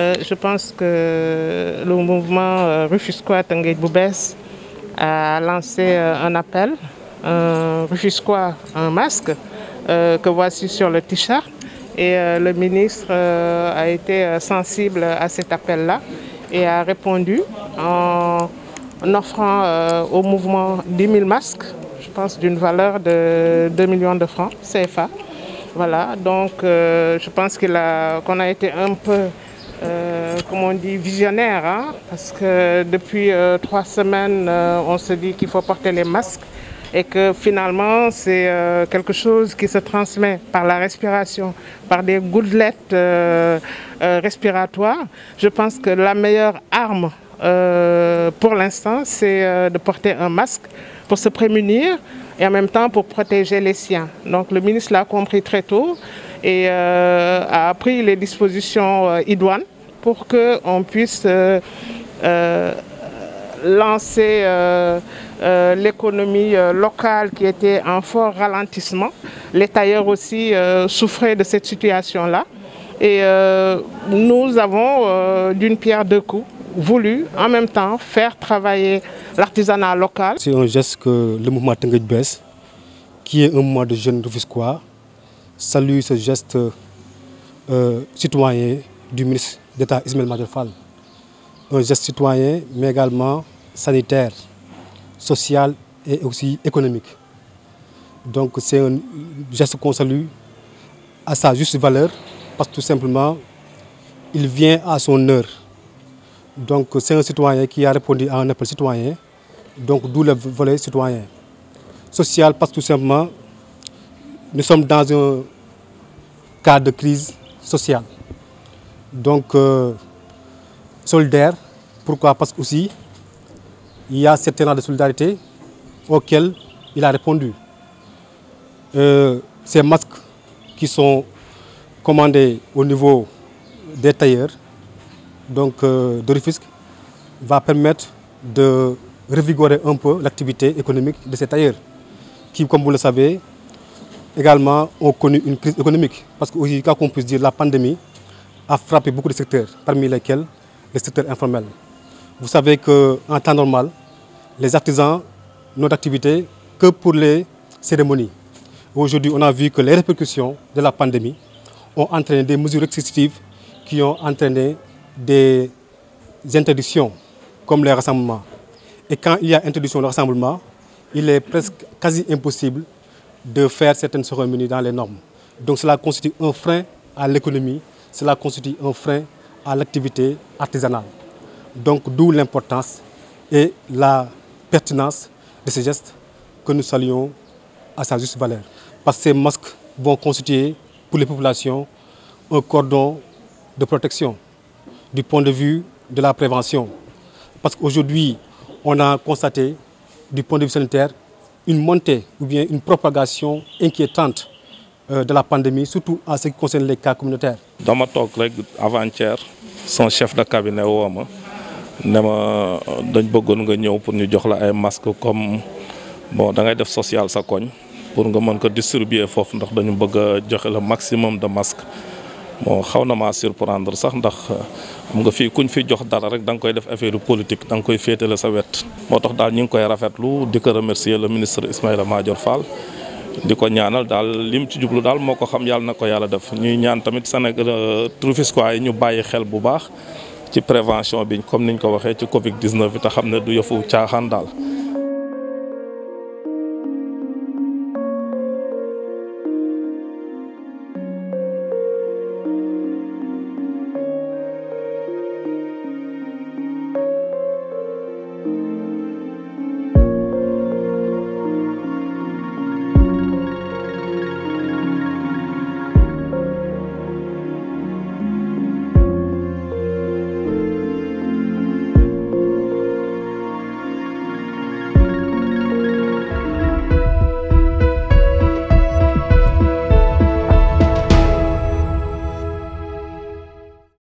Euh, je pense que le mouvement euh, Rufusquois Tanguy Boubès a lancé euh, un appel, un Rufusquois un masque, que voici sur le t-shirt. Et le ministre a été sensible à cet appel-là et a répondu en, offrant au mouvement 10 000 masques, je pense d'une valeur de 2 millions de francs CFA. Voilà, donc je pense qu'on a été un peu euh, comme on dit, visionnaire, hein, parce que depuis euh, trois semaines, euh, on se dit qu'il faut porter les masques et que finalement, c'est quelque chose qui se transmet par la respiration, par des gouttelettes respiratoires. Je pense que la meilleure arme pour l'instant, c'est de porter un masque pour se prémunir et en même temps pour protéger les siens. Donc le ministre l'a compris très tôt et euh, a pris les dispositions euh, idoines pour qu'on puisse euh, lancer l'économie locale qui était en fort ralentissement. Les tailleurs aussi souffraient de cette situation-là. Et nous avons, d'une pierre deux coups, voulu en même temps faire travailler l'artisanat local. C'est un geste que le mouvement Tengue qui est un mois de jeunes rufisquois, salue ce geste euh, citoyen du ministre d'État Ismail Major Un geste citoyen, mais également sanitaire, social et aussi économique. Donc c'est un geste qu'on salue à sa juste valeur, parce que tout simplement, il vient à son heure. Donc c'est un citoyen qui a répondu à un appel citoyen, donc d'où le volet citoyen. Social parce que tout simplement, nous sommes dans un cas de crise sociale. Donc, euh, solidaire, pourquoi Parce qu'aussi, il y a certains de solidarité auxquels il a répondu. Euh, ces masques qui sont commandés au niveau des tailleurs, donc euh, va permettre de revigorer un peu l'activité économique de ces tailleurs, qui, comme vous le savez, également ont connu une crise économique. Parce qu'aujourd'hui, quand puisse dire, la pandémie a frappé beaucoup de secteurs, parmi lesquels les secteurs informels. Vous savez qu'en temps normal, les artisans n'ont d'activité que pour les cérémonies. Aujourd'hui, on a vu que les répercussions de la pandémie ont entraîné des mesures restrictives qui ont entraîné des interdictions, comme les rassemblements. Et quand il y a interdiction de rassemblement, il est presque quasi impossible de faire certaines cérémonies dans les normes. Donc cela constitue un frein à l'économie, cela constitue un frein à l'activité artisanale. Donc d'où l'importance et la pertinence de ces gestes que nous saluons à sa juste valeur. Parce que ces masques vont constituer pour les populations un cordon de protection du point de vue de la prévention. Parce qu'aujourd'hui, on a constaté, du point de vue sanitaire, une montée ou bien une propagation inquiétante euh, de la pandémie, surtout en ce qui concerne les cas communautaires. Dans ma talk, avant-hier, son chef de cabinet, ne ma dañ qu'il nga ñëw pour ñu jox la ay masques comme bon da ngay def social sa pour nga mën ko distribuer fof, ndax dañu le maximum de masques bon xaw na maa surprendre sax ndax xam nga fii kuñ fi jox dara rek danga koy def affaire politique da nga koy féetale sa wet moo tax daal ñu ngi koy rafetlu di ko remercier le ministre Ismaïla Madior Fall di ko ñaanal daal lim ci jublu daal moo ko xam yàlla na ko yàlla def ñuy ñaan tamit Sénégal euh, Rufisquois yi ñu bàyyi xel bu baax ci prévention bi comme niñ ko waxee ci Covid 19 bi te xam ne du yëfu caaxaan daal.